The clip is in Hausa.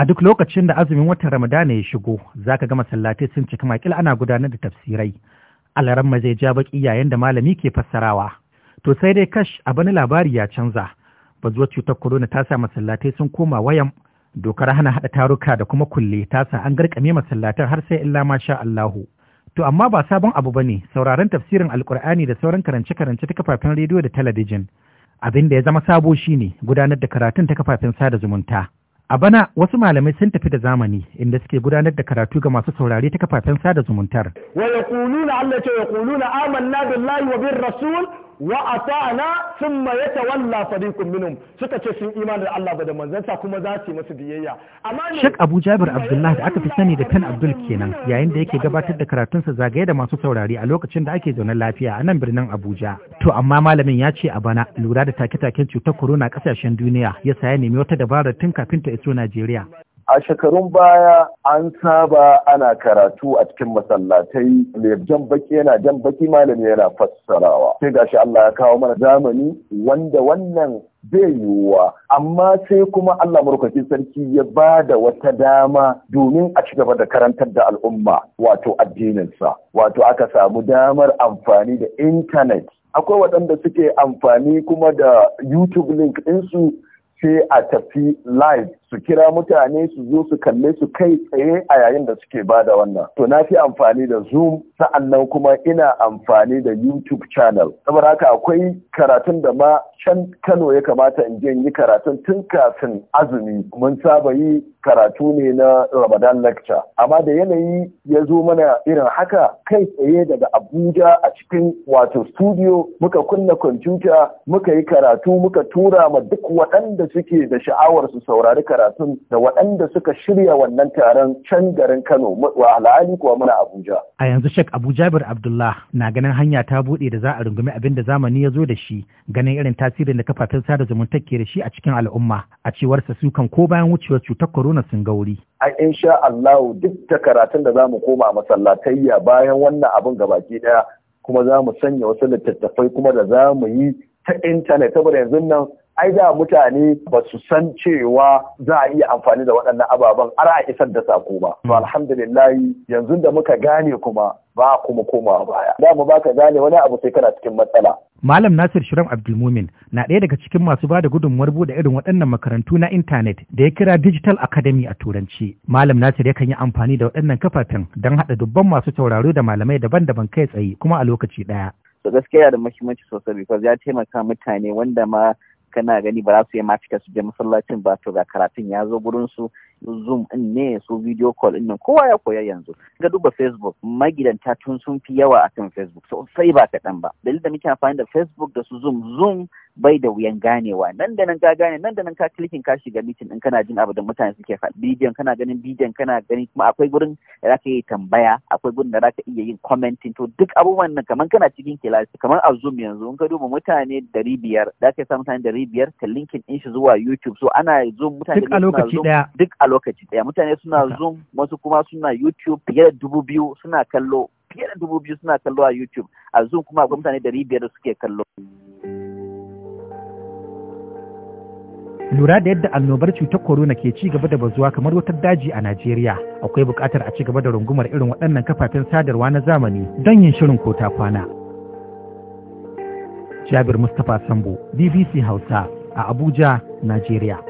a duk lokacin da azumin watan ramadana ya shigo za ka ga masallatai sun cika makil ana gudanar da tafsirai ma zai ja baki yayin da malami ke fassarawa to sai dai kash a bani labari ya canza bazuwar cutar corona ta sa masallatai sun koma wayan dokar hana haɗa taruka da kuma kulle ta sa an garkame masallatan har sai illa ma sha Allahu to amma ba sabon abu bane sauraron tafsirin alkur'ani da sauran karance karance ta kafafen rediyo da talabijin abin da ya zama sabo shine gudanar da karatun ta kafafen sada zumunta A bana wasu malamai sun tafi da zamani inda suke gudanar da karatu ga masu saurare ta kafafen sada zumuntar. Wa yaquluna Allah ce yaquluna amanna billahi wa bir rasul wa maye thumma yatawalla fariqun minhum suka ce sun imani Allah ba da manzansa kuma za su yi masu biyayya. Amma Sheikh Abu Jabir Abdullah da aka fi sani da Tan Abdul kenan yayin da yake gabatar da karatunsa zagaye da masu saurare a lokacin da ake zaune lafiya a nan birnin Abuja. To amma malamin ya ce a bana lura da take-taken cutar corona kasashen duniya ya saya nemi wata dabarar tun kafin ta iso Najeriya. A shekarun baya an saba ana karatu a cikin masallatai mai jan baki yana jan baki malami yana fassarawa. Sai gashi Allah ya kawo mana zamani wanda wannan zai yiwuwa amma sai kuma Allah Murkaki sarki ya ba da wata dama domin a ci gaba da karantar da al'umma wato addininsa wato aka samu damar amfani da intanet akwai waɗanda suke amfani kuma da YouTube link ɗinsu sai a tafi live su kira mutane su zo su kalle su kai tsaye a yayin da suke bada wannan to na fi amfani da zoom sa'annan kuma ina amfani da youtube channel saboda haka akwai karatun da ma can kano ya kamata in je yi karatun tun kafin azumi mun saba yi karatu ne na ramadan lecture amma da yanayi ya zo mana irin haka kai tsaye daga abuja a cikin wato studio muka kunna kwamfuta muka yi karatu muka tura ma duk waɗanda suke da sha'awar su saurari karatu karatun da waɗanda suka shirya wannan taron can garin Kano wa al'ali kuwa muna Abuja. A yanzu shek Abu Jabir Abdullah na ganin hanya ta buɗe da za a rungumi abin da zamani ya zo da shi ganin irin tasirin da kafafen sada zumunta ke da shi a cikin al'umma a cewar sa sukan ko bayan wucewar cutar corona sun ga wuri A insha Allah duk da karatun da za mu koma masallatayya bayan wannan abin gabaki daya, kuma za mu sanya wasu littattafai kuma da za mu yi ta intanet saboda yanzu nan ai da mutane ba su san cewa za a iya amfani da waɗannan ababen ara a isar da sako ba to alhamdulillah yanzu da muka gane kuma ba kuma koma baya da mu baka gane wani abu sai kana cikin matsala Malam Nasir Shiram Abdulmumin na ɗaya daga cikin masu ba da gudunmuwar buɗe irin waɗannan makarantu na intanet da ya kira Digital Academy a Turanci. Malam Nasir yakan yi amfani da waɗannan kafafen don haɗa dubban masu tauraro da malamai daban-daban kai tsaye kuma a lokaci ɗaya. So gaskiya da muhimmanci sosai because ya taimaka mutane wanda ma kana gani ba za su yi ma fita su je masallacin ba to ga karatun ya zo gurin su zoom in ne su video call din nan kowa ya koya yanzu ga duba facebook magidanta tun sun fi yawa akan facebook sai ba kaɗan ba dalilin da muke amfani da facebook da su zoom zoom bai da wuyan ganewa nan da nan ka gane nan da nan ka klikin ka shiga mitin din kana jin abu da mutane suke faɗi bidiyon kana ganin bidiyon kana ganin kuma akwai gurin da zaka yi tambaya akwai gurin da zaka iya yin commenting to duk abubuwan nan kaman kana cikin kilasi kaman a zoom yanzu in ka duba mutane dari biyar zaka sa mutane dari biyar ka linkin din shi zuwa youtube so ana zoom mutane duk a lokaci daya duk a lokaci daya mutane suna zoom wasu kuma suna youtube fiye da dubu biyu suna kallo fiye da dubu biyu suna kallo a youtube a zoom kuma akwai mutane dari biyar da suke kallo. lura da yadda annobar cutar corona ke ci gaba da bazuwa kamar wutar daji a Najeriya akwai buƙatar a ci gaba da rungumar irin waɗannan kafafen sadarwa na zamani don yin shirin ko ta kwana. Jabir Mustapha Sambo, BBC Hausa a Abuja, Najeriya.